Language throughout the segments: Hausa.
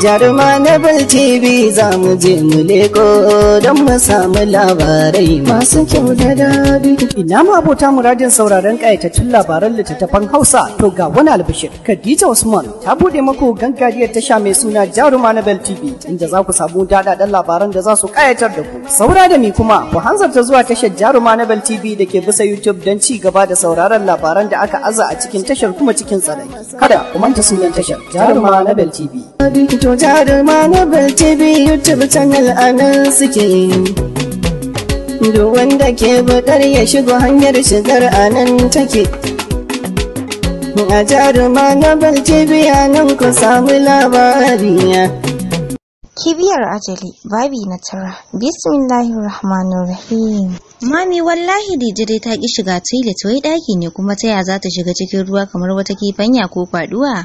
Jaruma na TV za mu je mu leko don mu samu labarai masu kyau da dadi. Ina ma abota muradin sauraron ƙayatattun labaran littattafan Hausa to ga wani albishir. Khadija Usman ta buɗe maku gangariyar tasha mai suna Jaruma na TV inda za ku samu daɗaɗɗen labaran da za su ƙayatar da ku. Saura da ni kuma ku hanzarta zuwa tashar Jaruma na TV da ke bisa YouTube don ci gaba da sauraron labaran da aka aza a cikin tashar kuma cikin tsaron. Kada ku manta sunan tashar Jaruma na TV. to jaruma na barci biyu tv channel suke wanda ke bukar ya shigo hanyar shigar a nan take a jaruma na barci biya nan ku samu labariya kibiyar ajali babi na tara bismillahir rahmanir Mami wallahi dijire ta ki shiga toilet wai daki ne kuma ta ya za ta shiga cikin ruwa kamar wata kifanya ko kwaduwa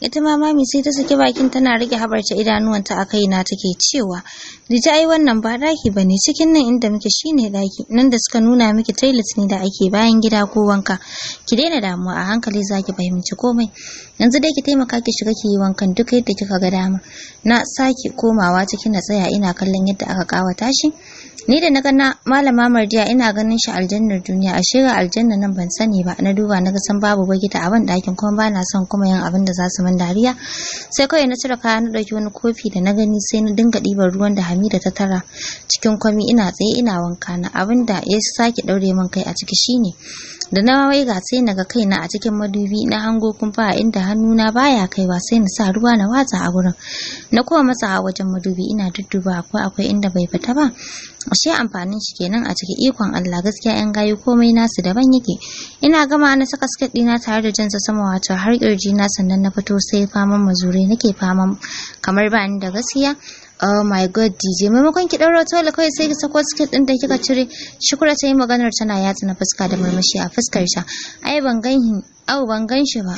ita ma mami sai ta saki bakin tana rage habarta idanuwanta a kaina take cewa Dija ai wannan ba daki bane cikin nan inda muke shine daki nan da suka nuna miki toilet ne da ake bayan gida ko wanka ki daina damuwa a hankali zaki fahimci komai yanzu dai ki taimaka ki shiga ki yi wankan duk yadda kika ga dama na saki komawa cikin na tsaya ina kallon yadda aka kawata shi ni da na gana malama mardiya ina ganin shi aljannar duniya a shiga aljanna nan ban sani ba na duba na ga san babu bagita a ban dakin kuma ba na son kuma yin abin da za su neman dariya sai kawai na cire kaya na ɗauki wani kofi da na gani sai na dinga ɗiban ruwan da hamida ta tara cikin kwami ina tsaye ina wanka na abin da ya sake ɗaure min kai a ciki shine da na waiga sai naga kaina a cikin madubi na hango kumfa inda hannuna baya kaiwa sai na sa ruwa na watsa a gurin na kuma masa a wajen madubi ina dudduba ko akwai inda bai fita ba ashe amfanin shi kenan a cikin ikon Allah gaskiya yan gayu komai nasu daban yake ina gama na saka skirt dina tare da jansa sama wato har kirji na sannan na fito sai faman mazure nake faman kamar ba ni da gaskiya Oh my god DJ maimakon ki ɗaura tole kawai sai ki sako skirt ɗin da kika cire shukura ta yi maganar tana yatsa na fuska da murmushi a fuskar ta ai ban ganhi au ban gan shi ba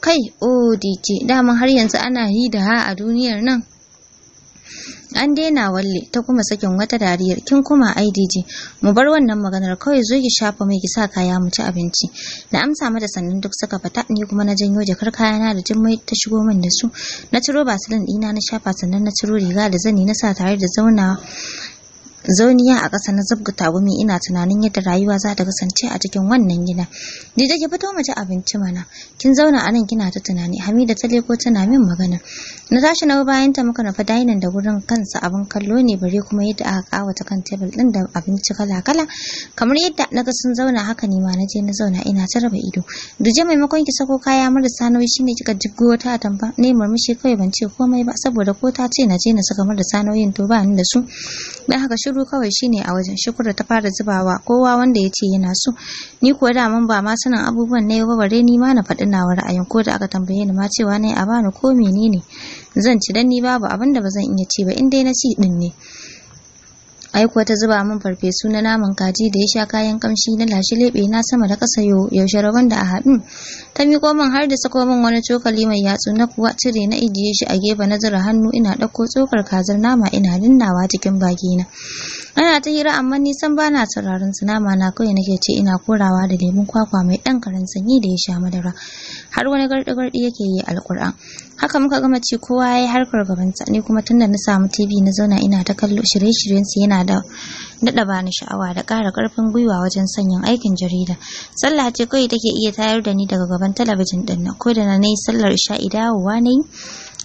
kai oh DJ daman har yanzu ana hida ha a duniyar nan an daina walle ta kuma sakin wata dariyar kin kuma IDG mu bar wannan maganar kawai zo ki shafa mai ki sa kaya mu ci abinci na amsa mata sannan duk suka fita ni kuma na janyo jakar kayana da jimmai ta shigo min da su na ciro basilin dina na shafa sannan na ciro riga da zani na sa tare da zauna zauniya a ƙasa na zubga gumi ina tunanin yadda rayuwa za ta kasance a cikin wannan gida. ni da ke fito mace abinci mana kin zauna a nan kina ta tunani hamida ta leko tana min magana na tashi na bayan ta muka nufa dainin da gurin kansa abin kallo ne bare kuma yadda aka kawata kan tebul din da abinci kala kala kamar yadda na ga sun zauna haka ne ma na je na zauna ina ta raba ido duje maimakon ki sako kaya marasa nauyi shine kika jiggo ta tamba ne murmushi kawai ban ce komai ba saboda ko ta ce na je na saka marasa nauyin to ba ni da su dan haka shiru kawai shine a wajen shukura ta fara zubawa kowa wanda ya ce yana so ni kuwa mun ba ma sanin abubuwan na yau bare ni ma na faɗi nawa ra'ayin ko da aka tambaye ni ma cewa ne a bani ko menene zan ci dan ni babu abin da ba zan iya ci ba in dai na ci din ne ai ta zuba min farfesu na naman kaji da ya sha kayan kamshi na lashe lebe na sama da ƙasa yo yaushe rabon da a haɗin ta miƙo min har da sako min wani cokali mai yatsu na kuwa cire na ijiye shi a gefe na zura hannu ina ɗauko tsokar kazar nama ina dinnawa cikin bakina ana ta hira amma nisan bana sauraron su nama na kawai nake ce ina korawa da lemun kwakwa mai ɗan karan sanyi da ya sha madara har wani garɗi-garɗi yake yi alƙur'an haka muka gama ci kowa ya yi harkar gabansa ni kuma tunda na samu tv na zauna ina ta kallo shirye-shiryen su yana da daɗa bani sha'awa da ƙara ƙarfin gwiwa wajen sanyin aikin jarida sallah ce kawai take iya tayar da ni daga gaban talabijin ɗin nan ko da na yi sallar isha'i dawowa na yi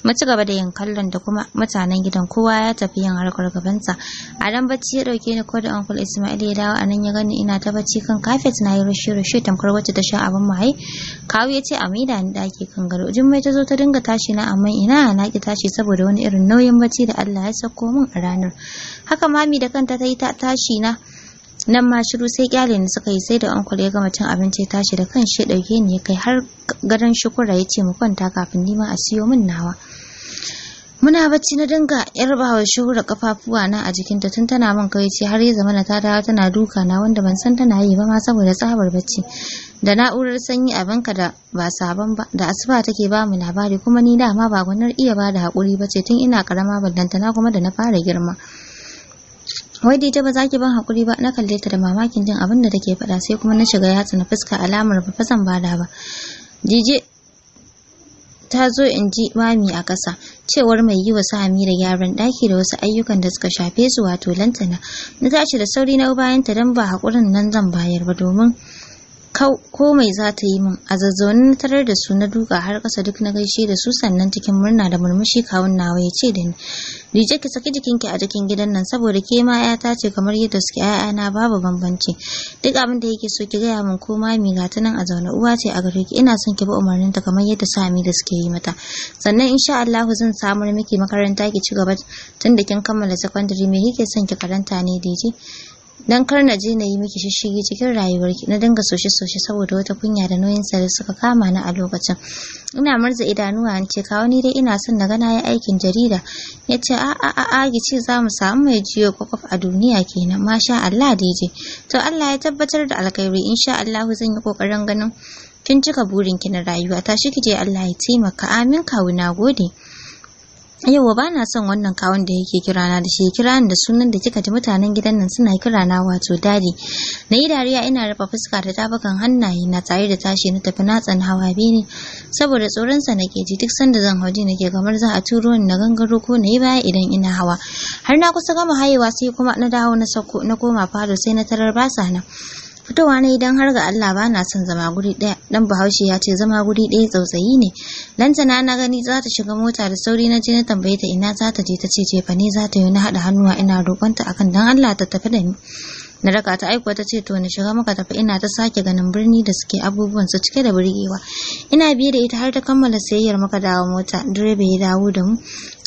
mu ci gaba da yin kallon da kuma mutanen gidan kowa ya tafi yin harkar gabansa a dan bacci ya dauke ni ko da uncle Ismail ya dawo anan ya gani ina ta bacci kan kafet na yi rushe rushe tamkar wacce ta sha abin mai kawu ya ce a maida ni daki kan gado jummai ta zo ta dinga tashi na amma ina na ki tashi saboda wani irin nauyin bacci da Allah ya sako min a ranar haka mami da kanta ta yi ta tashi na nan ma shiru sai kyale ni suka yi sai da ankul ya gama cin abinci ya tashi da kan shi dauke ni ya kai har gadon shukura ya ce mu kwanta kafin nima a siyo min nawa muna bacci na dinga yarbawa shura kafafuwa na a jikinta tun tana man kawaici har ya zamana ta dawo tana duka na wanda ban san tana yi ba ma saboda tsabar bacci da na'urar sanyi a banka da ba sabon ba da asuba take ba mu labari kuma ni dama ba gwanar iya ba da haƙuri ba ce tun ina karama ballanta na kuma da na fara girma wai dai ba za ki ban hakuri ba na kalle ta da mamakin jin abin da take faɗa sai kuma na shiga yatsa na fuska alamar ba fasan bada ba dije ta zo in ji mami a ƙasa cewar mai yi wa su da gyaran ɗaki da wasu ayyukan da suka shafe su wato lantana na tashi da sauri na bayan ta don ba hakurin nan zan bayar ba domin kau ko mai za ta yi min a zazzaunin na tarar da su na duka har kasa duk na gaishe da su sannan cikin murna da murmushi kawun nawa ya ce da ni rije ki saki jikinki a cikin gidan nan saboda ke ma ya ce kamar yadda suke 'ya'yana, babu bambanci duk abin da yake so ki gaya min ko ma mi gata nan a zaune uwa ce a gare ki ina son ki bi umarnin ta kamar yadda sami da suke yi mata sannan insha Allah zan samar miki makaranta ki ci gaba tunda kin kammala sakandare me kike son ki karanta ne da dan kar na je na yi miki shishigi cikin rayuwarki na dinga soshe-soshe saboda wata kunya da nauyin sare suka kama ni a lokacin ina murza idanuwa an ce kawo ni dai ina son na gana ya yi aikin jarida ya ce a a a a gici za mu samu mai jiyo kwakwaf a duniya kenan masha Allah daidai to Allah ya tabbatar da alkhairi insha Allah zan yi kokarin ganin kin cika burinki na rayuwa tashi kije Allah ya taimaka amin kawuna gode yauwa ba na son wannan kawun da yake kira na da shi kira da sunan da kika ji mutanen gidan nan suna kira na wato dadi na yi dariya ina rufe fuska da tabakan hannaye na tare da tashi na tafi natsan hawa bene saboda tsoron sa nake ji duk sanda zan hauji nake kamar za a turo ni na gangaro ko na yi baya idan ina hawa har na kusa gama hayewa sai kuma na dawo na sako na koma falo sai na tarar basa nan fitowa ne idan har ga Allah ba na son zama guri ɗaya dan bahaushe ya ce zama guri ɗaya tsautsayi ne lantana na gani za ta shiga mota da sauri na je na tambaye ta ina za ta je ta ce jefa ne za ta yi na haɗa hannuwa ina roƙonta akan dan Allah ta tafi da ni na raka ta aiko ta ce to na shiga maka tafi ina ta sake ganin birni da suke abubuwan su cike da birgewa. ina biye da ita har ta kammala sayayyar maka dawo mota direba ya dawo da mu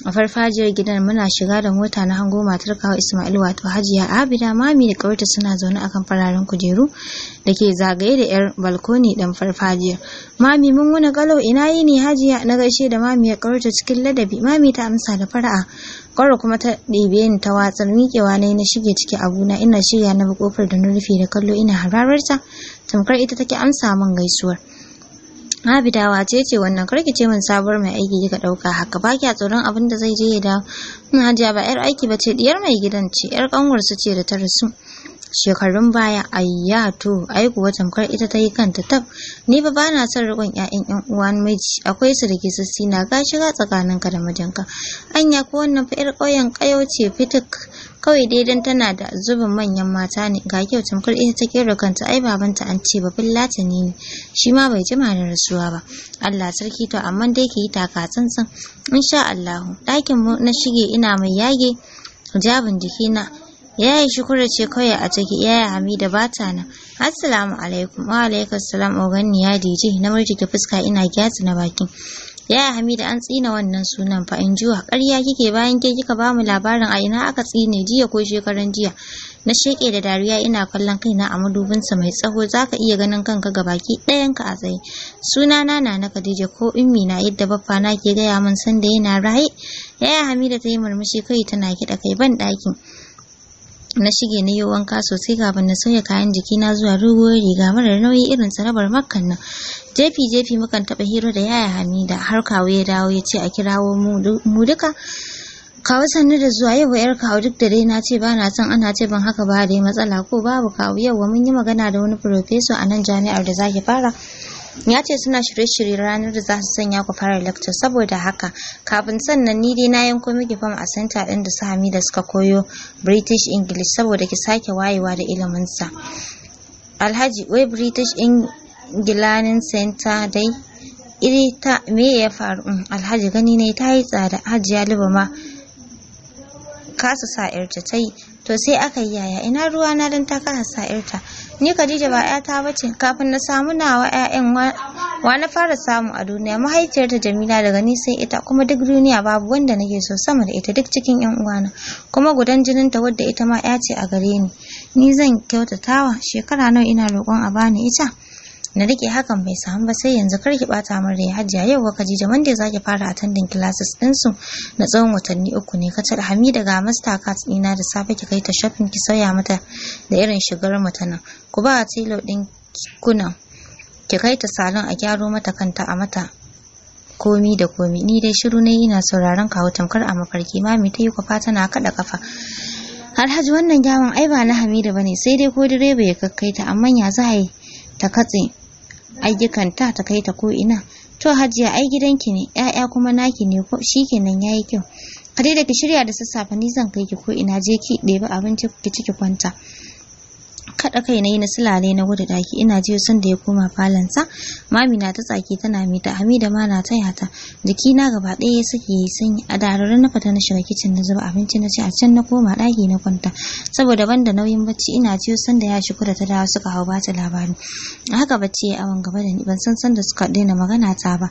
a farfajiyar gidan muna shiga da mota na hango matar kawo Ismail wato Hajiya Abida mami da kawarta suna zaune a kan fararen kujeru da ke zagaye da yar balkoni dan farfajiyar mami mun wuna kalau ina yi ne Hajiya na gaishe da mami ya kawarta cikin ladabi mami ta amsa da fara'a kwaro kuma ta ɗebe ni ta watsar miƙewa ne na shige ciki a abuna ina shirya na kofar da na rufe da kallo ina hararta tamkar ita take amsa min gaisuwar da wace ce wannan karki ce min sabuwar mai aiki kika dauka haka ba kiya tsoron abin da zai je ya dawo. Mun hm, hajiya ba yar aiki ba ce diyar mai gidan ce yar kanwar su ce da ta rasu. Shekarun baya ayya to ai kuwa tamkar ita ta yi kanta tab ni ba bana son rikon ƴaƴan 'yan uwan miji akwai su da ke sassi na ga shiga tsakaninka da mijinka. Anya ko wannan fa yar ƙauyen ƙayo ce fitik kawai dai dan tana da zubin manyan mata ne ga kyau tamkar ita ta kera kanta ai babanta an ce babin latani ne shi ma bai jima da rasuwa ba Allah sarki to amma dai ki yi taka tsantsan insha Allah ɗakin mu na shige ina mai yage jabin jikina yaya shukura ce kawai a ciki yaya hamida Bata na. nan assalamu alaikum wa alaikum salam ogan ni ya dije na murjike fuska ina gyatsa na bakin Yaya Hamida an tsina wannan sunan fa in jiwa ƙarya kike bayan ke kika ba mu labarin a ina aka tsine jiya ko shekaran jiya. Na sheke da dariya ina kallon kaina a madubinsa mai tsaho zaka iya ganin kanka ga ɗayan ka a tsaye. Suna na na Khadija ko ummi na yadda baffa na ke gaya min sanda yana raye. Yaya Hamida ta yi murmushi kai tana kiɗa kai ban ɗakin. na shige na yi wanka sosai kafin na sauya kayan jiki na zuwa ruwan riga marar nauyi irin sarabar makkan nan jefi jefi mukan taɓa hira da yaya hamida har kawo ya dawo ya ce a kirawo mu duka kawo sannu da zuwa yau yar kawo duk da dai na ce ba na son ana ce ban haka ba dai matsala ko babu kawo yau mun yi magana da wani professor a nan jami'ar da zaki fara ya ce suna shirye-shirye ranar da za su sanya ku fara lecture saboda haka kafin sannan ni dai na yanko miki fam a senta ɗin da su Hamida suka koyo British English saboda ki sake wayewa da ilimin sa Alhaji wai British English Center dai iri ta me ya faru mm, Alhaji gani ne ta yi tsada Hajiya Luba ma kasa sa'irta ta yi to sai aka yi yaya ina ruwa na dan ta kasa sa'irta ni Khadija ba ƴata bace kafin na samu nawa ƴaƴan wa na fara samu a duniya mahaifiyarta Jamila daga ni sai ita kuma duk duniya babu wanda nake so sama da ita duk cikin ƴan uwana kuma gudan jinin ta wadda ita ma ƴa ce a gare ni ni zan kyautatawa shekara nawa ina roƙon a bani ita na rike hakan bai samu ba sai yanzu kar ki bata min rai hajiya yau kaji da wanda zaki fara attending classes din su na tsawon watanni uku ne ka tada Hamida ga master card dina da safe ki kai ta shopping ki sauya mata da irin shigar mata nan ku ba tilo din kuna ki kai ta salon a gyaro mata kanta a mata komi da komi ni dai shiru na ina sauraron kawo tamkar a mafarki mami ta yi kwafa tana kada kafa Alhaji wannan gyawan ai ba na Hamida bane sai dai ko direba ya kakkaita amma ya za ta katse ayyukanta ta ta kai ta ko ina to hajiya ai gidanki ne ya'ya kuma naki ne ko shikenan yayi kyau ka da ki shirya da sassafe ni zan kai ki ko ina je ki ɗebi abinci ki ci ki kwanta kaɗa kai na yi na na gudu daki ina jiyo sanda ya koma falansa mami na ta tsaki tana mai mita da ma na taya ta na gaba ɗaya ya sake yi sanyi a dararen na fita na shiga kicin na zuba abinci na ci a can na koma ɗaki na kwanta saboda banda nauyin bacci ina jiyo sanda ya shigo da ta dawo suka hau bata labari a haka bacci ya awon gaba da ni ban san sanda suka daina magana ta ba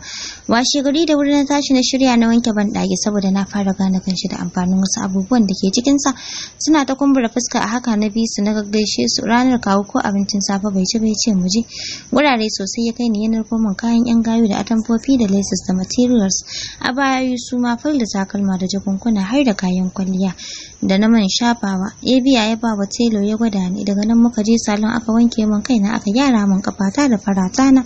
washe gari da wuri na tashi na shirya na wanke ban ɗaki saboda na fara gane kanshi da amfanin wasu abubuwan da ke cikinsa suna ta kumbura fuska a haka na bi su na gaggaishe su ranar kawo ko abincin safe bai ci bai ce mu je wurare sosai ya kai ni yanar komon kayan yan gayu da atamfofi da laces da materials a baya su ma fal da takalma da jakunkuna har da kayan kwalliya da na man shafawa ya ya ba wa telo ya gwada ni daga nan muka je salon aka wanke min kaina aka gyara mun kafata da farata na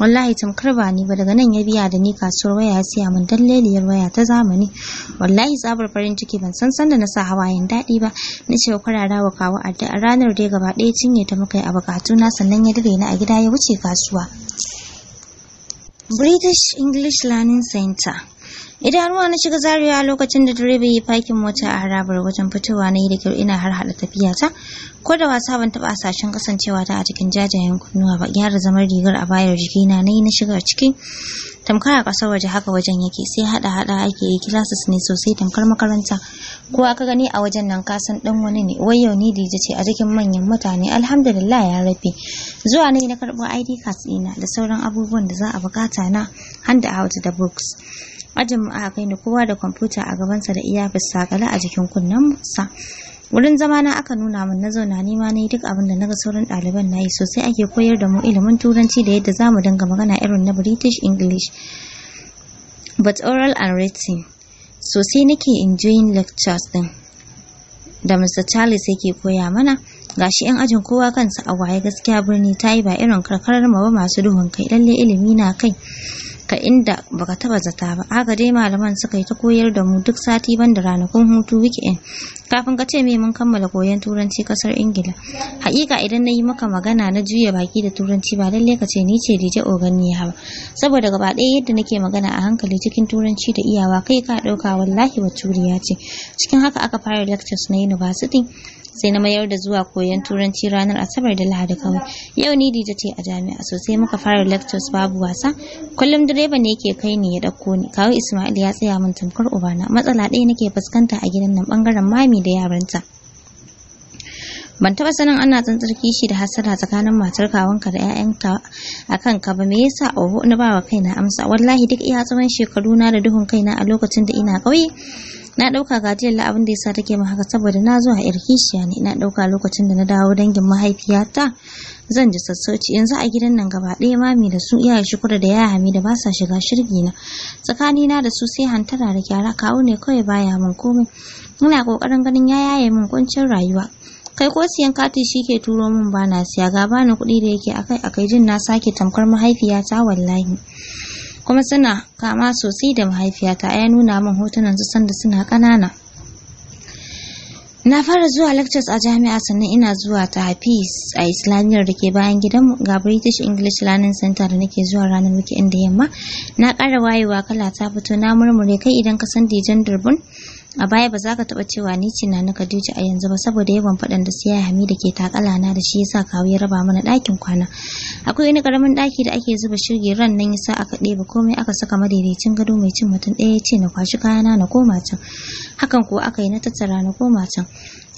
wallahi tamkar ba ni ba daga nan ya biya da ni kasuwar waya ya siya min dalleliyar waya ta zamani wallahi tsabar farin ciki ban san san da na sa hawayen daɗi ba na ce kwarara wa kawo a ranar dai gaba ɗaya ya cinye ta muka yi a na sannan ya dire ni a gida ya wuce kasuwa british english learning center ruwa na shiga zariya lokacin da direba yi fakin mota a harabar wajen fitowa na yi da kyau ina har hada tafiya ta ko da wasa ban taba asashen kasancewa ta a cikin jajayen kunnuwa ba gyara zamar rigar a bayar jiki na nayi na shiga cikin tamkar a kasar waje haka wajen yake sai haɗa-haɗa ake yi classes ne sosai tamkar makaranta kowa ka gani a wajen nan kasan dan wani ne wai yau ni dije ce a cikin manyan mutane alhamdulillah ya rafe zuwa ne na karbo id card dina da sauran abubuwan da za a bukata na hand out da books ajin mu aka ni kowa da kwamfuta a gabansa da iyafis sakala a jikin kunnen sa wurin zama na aka nuna min na zauna ni ma nayi duk abin da naga sauran ɗaliban yi, sosai ake koyar da mu ilimin turanci da yadda zamu dinga magana irin na British English but oral and written sosai nake enjoying lectures din da Mr. Charles yake koya mana gashi yan ajin kowa kansa a waye gaskiya birni ta yi ba irin karkarar ba masu duhun kai lalle ilimi na kai ka inda baka taba zata ba haka dai malaman suka yi ta koyar da mu duk sati banda ranakun hutu weekend kafin ka ce me mun kammala koyon turanci kasar ingila hakika idan na yi maka magana na juya baki da turanci ba lalle ka ce ni ce dije oganiya ba saboda gaba ɗaya yadda nake magana a hankali cikin turanci da iyawa kai ka ɗauka wallahi baturiya ce cikin haka aka fara lectures na university sai na mayar da zuwa koyon turanci ranar asabar da lahadi kawai yau ni dija ce a jami'a sosai muka fara lectures babu wasa kullum direba ne yake kai ni ya dauko ni kawo ismail ya tsaya min tamkar ubana matsala ɗaya nake fuskanta a gidan nan bangaren mami da yaranta ban taba sanin ana tsantsar kishi da hasara tsakanin matar kawanka da 'ya'yanka a kanka ba me yasa oho na bawa kaina amsa wallahi duk iya tsawon shekaru na da duhun kaina a lokacin da ina ƙauye na ɗauka gajiyar la abin da yasa take min haka saboda na zo a yar ne na ɗauka lokacin da na dawo dangin mahaifiyata zan ji sassauci yanzu a gidan nan gaba ɗaya mami da su iyaye shukura da yaya hamida ba sa shiga shirgi na tsakani na da su sai hantara da gyara kawo ne kawai baya min komai Muna kokarin ganin ya yaye min kuncin rayuwa kai ko siyan katin shi ke turo min ba na siya ga bani kuɗi da yake akai akai jin na sake tamkar mahaifiyata wallahi kuma suna kama sosai da mahaifiyata ya nuna min hotunan su sanda suna ƙanana na fara zuwa lectures a jami'a sannan ina zuwa ta hafiz a islamiyyar da ke bayan gidanmu ga british english learning center da nake zuwa ranar wiki inda yamma na ƙara wayewa kala ta fito na murmure kai idan ka san dijan durbin a baya ba za ka taɓa cewa ni ce na Khadija a yanzu ba saboda yawan faɗan da siya Hamida ke takala na da shi yasa kawo ya raba mana ɗakin kwana akwai wani karamin ɗaki da ake zuba shirgi ran nan yasa aka ɗeba komai aka saka madaidaicin gado mai cin mutum ɗaya ya ce na kwashi kayana na koma can hakan ko aka yi na tattara na koma can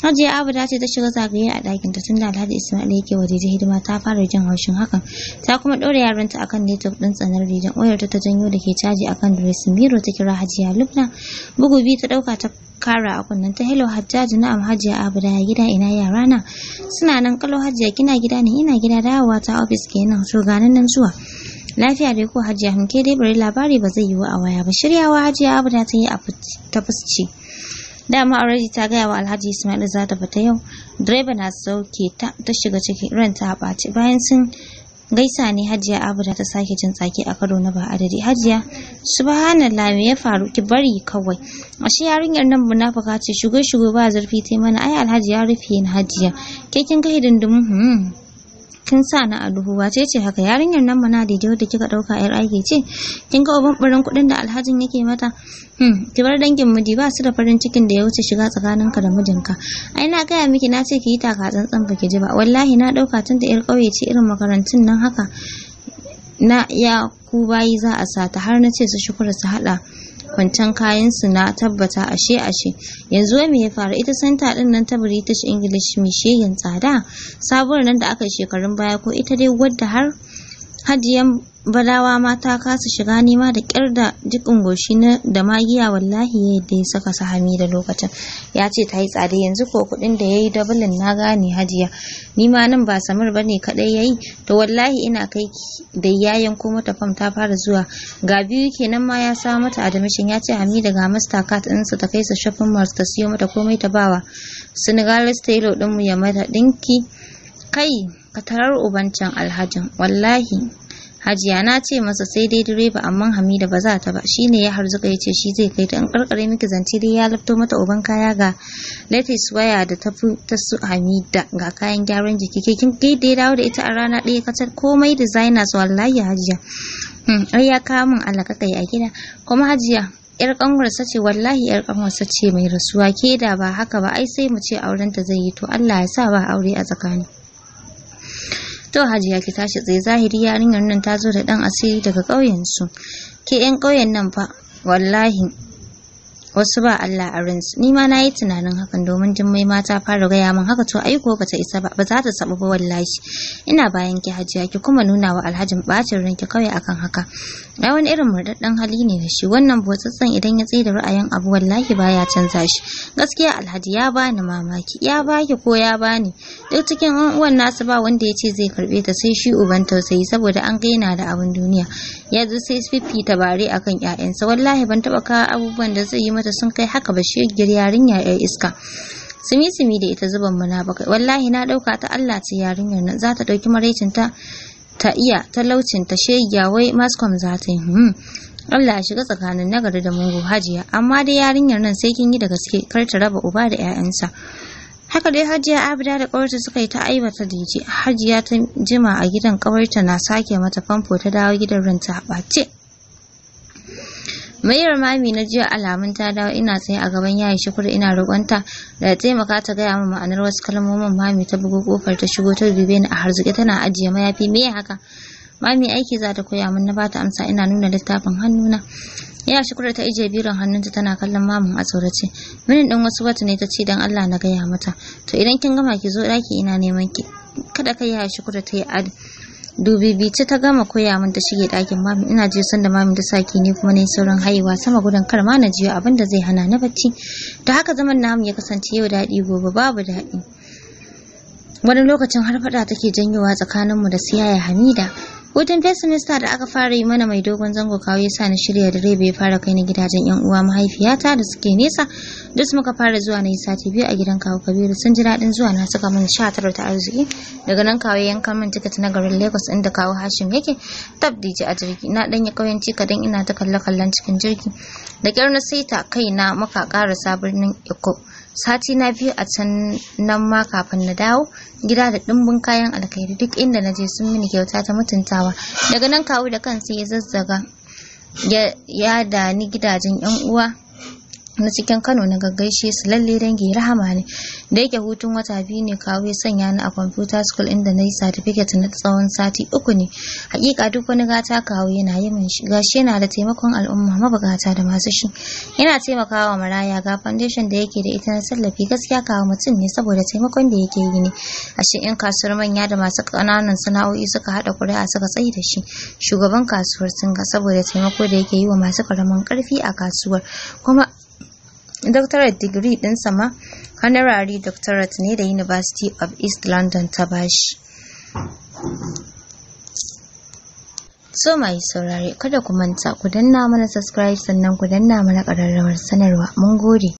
Hajiya ta ce ta shiga zagaye a ɗakin ta tunda Alhaji Ismail yake waje hidima ta fara jin haushin hakan. Ta kuma ɗora yaranta akan network ɗin tsanar Dijen wayar ta ta janyo da ke caji akan dressing mirror ta kira Hajiya Lubna. Bugu biyu ta ɗauka ta kara a kunnen ta hello hajjaji na'am hajiya abuda ya gida ina yara na suna nan kalo hajiya kina gida ne ina gida dawowa ta ofis kenan to ganin nan zuwa lafiya dai ko hajiya hanke dai bari labari ba zai yiwu a waya ba shiryawa hajiya Abu ta yi a ta dama already ta gaya wa alhaji ismail za ta fita yau direba na sauke ta ta shiga ciki ran ta ɓaci bayan sun gaisa ne hajiya abuda ta sake jin tsaki a karo na ba adadi hajiya subhanallah me ya faru ki bari kawai ashe yarinyar nan munafaka ce shugo shugo ba zurfi tai mana ai alhaji ya rufe ni hajiya ke kin ga hidindimu hmm kin sa na a duhu wace ce haka yarinyar nan mana da da kika dauka yar aiki ce kin ga uban burin kuɗin da alhajin yake mata hmm ki bar dangin miji ba su da farin cikin da ya wuce shiga tsakaninka da mijinka ai na gaya miki na ce ki yi taka tsantsan ba ki ji ba wallahi na dauka tun da yar kauye ce irin makarantun nan haka na ya ku bayi za a sata har na ce su shukura su haɗa kwantan kayan su na tabbata ashe ashe yanzu me ya faru ita santa din nan ta British English me yin tsada sabuwar nan da aka shekarun baya ko ita dai wadda har hajiyan badawa ma ta kasa shiga nima da kyar da jikin goshi na da magiya wallahi yadda ya saka su hamida lokacin ya ce ta yi tsada yanzu ko kuɗin da ya yi dabalin na gane hajiya nima nan ba samar ba ne kaɗai ya yi to wallahi ina kai da yayan ko mata fam ta fara zuwa ga biyu kenan ma ya sa mata admission ya ce hamida ga masta kat ɗinsa ta kai su shopping mall ta siyo mata komai ta bawa senegalese tailor ɗinmu ya mata ɗinki kai ka tarar ubancan alhajin wallahi Hajiya na ce masa sai dai direba amma Hamida ba za ta ba Shi ne ya harzuka ya ce shi zai kai ta in karkare miki zance dai ya lafto mata uban kaya ga latest waya da ta ta su Hamida ga kayan gyaran jiki ke kin kai dai dawo da ita a rana ɗaya tar komai designers wallahi Hajiya hmm ai ya kawo min Allah ka kai a gida kuma Hajiya yar sa ce wallahi yar kanwarsa ce mai rasuwa ke da ba haka ba ai sai mu ce aurenta zai yi to Allah ya sa ba aure a tsakani to hajiya ki tashi tsaye zahiri yarinyar nan ta zo da dan asiri daga ƙauyen su ke yan ƙauyen nan fa wallahi wasu ba Allah a rins ni ma nayi tunanin hakan domin Jummai ma ta fara gaya min haka to ai ko bata isa ba ba za ta sabu ba wallahi ina bayan ki hajiya ki kuma nuna wa alhajin bacin ranki kawai akan haka ai wani irin murdaddan hali ne da shi wannan botsatsan idan ya tsaye da ra'ayin abu wallahi baya canza shi gaskiya alhaji ya bani mamaki ya baki ko ya bani duk cikin uwan nasu ba wanda ya ce zai karbe ta sai shi uban tausayi saboda an gaina da abin duniya yanzu sai fifita bare akan ƴaƴansa wallahi ban taba kawo abubuwan da zai yi mata sun kai haka ba shi yarinya yaya iska sumi sumi da ita zuban muna bakai wallahi na dauka ta Allah ce yarinyar nan za ta dauki maraicin ta ta iya talaucin ta shegiya wai mascom za ta yi hmm. Allah ya shiga tsakanin nagari da mungu hajiya amma dai yarinyar nan sai kin yi da gaske kar ta raba uba da 'ya'yansa. haka dai hajiya abida da kawarta suka yi ta aibata dije hajiya ta jima a gidan kawarta na sake mata famfo ta dawo gidan ranta a ɓace mayar mami na jiya alamun ta dawo ina tsaye a gaban yayi shukur ina roƙonta da taimaka ta gaya min ma'anar wasu kalmomin mami ta bugo kofar ta shigo ta dube ni a harzuke tana ajiye mayafi me haka mami aiki za ta koya min na bata amsa ina nuna littafin hannuna Yaya shukura ta ije biran hannunta tana kallon mamun a tsorace. Minin din wasu wata ne ta ce dan Allah na gaya mata. To idan kin gama ki zo daki ina neman ki. Kada kai ya shukura ta yi ad. Bice ta gama koya min ta shige ɗakin mamun ina je san da mamun ta saki ni kuma ne sauran haihuwa sama gudan. kar ma na jiyo abinda zai hana na bacci. Da haka zaman namu ya kasance yau daɗi gobe babu daɗi. Wani lokacin har faɗa take janyowa tsakaninmu da siyaya Hamida. Hutun first da aka fara yi mana mai dogon zango kawo ya sa na shirya da rebe ya fara kai na gidajen yan uwa mahaifiyata da suke nesa da su muka fara zuwa na yi sati biyu a gidan kawo Kabiru sun ji daɗin zuwa na suka mun sha tara ta arziki daga nan kawo yankan min tiket na garin Lagos inda kawo Hashim yake tab DJ a jirgi na dan ya cika kadan ina ta kalle kallon cikin jirgi da kyar na saita na muka ƙarasa birnin Eko. sati na biyu a can nan ma kafin na dawo gida da ɗimbin kayan alkhairi duk inda na je sun mini kyauta ta mutuntawa daga nan kawo da kansa ya zazzaga ya da ni gidajen yan uwa na cikin Kano na gaggaishe su lalle dangi rahama ne da yake hutun wata biyu ne kawo ya sanya ni a computer school inda na yi certificate na tsawon sati uku ne hakika duk wani gata kawo yana yi min shi gashi yana da taimakon al'umma mabugata da masu shi yana taimakawa maraya ga foundation da yake da ita na tallafi gaskiya kawo mutum ne saboda taimakon da yake yi ne shi yan kasuwar manya da masu kananan sana'o'i suka haɗa kuri'a suka tsayi da shi shugaban kasuwar sun ga saboda taimako da yake yi wa masu karamin ƙarfi a kasuwar kuma doctorate degree ɗinsa ma honorary doctorate ne da university of east london ta bashi so mai saurare kada ku manta ku danna mana subscribe sannan ku danna mana ƙararrawar sanarwa mun gode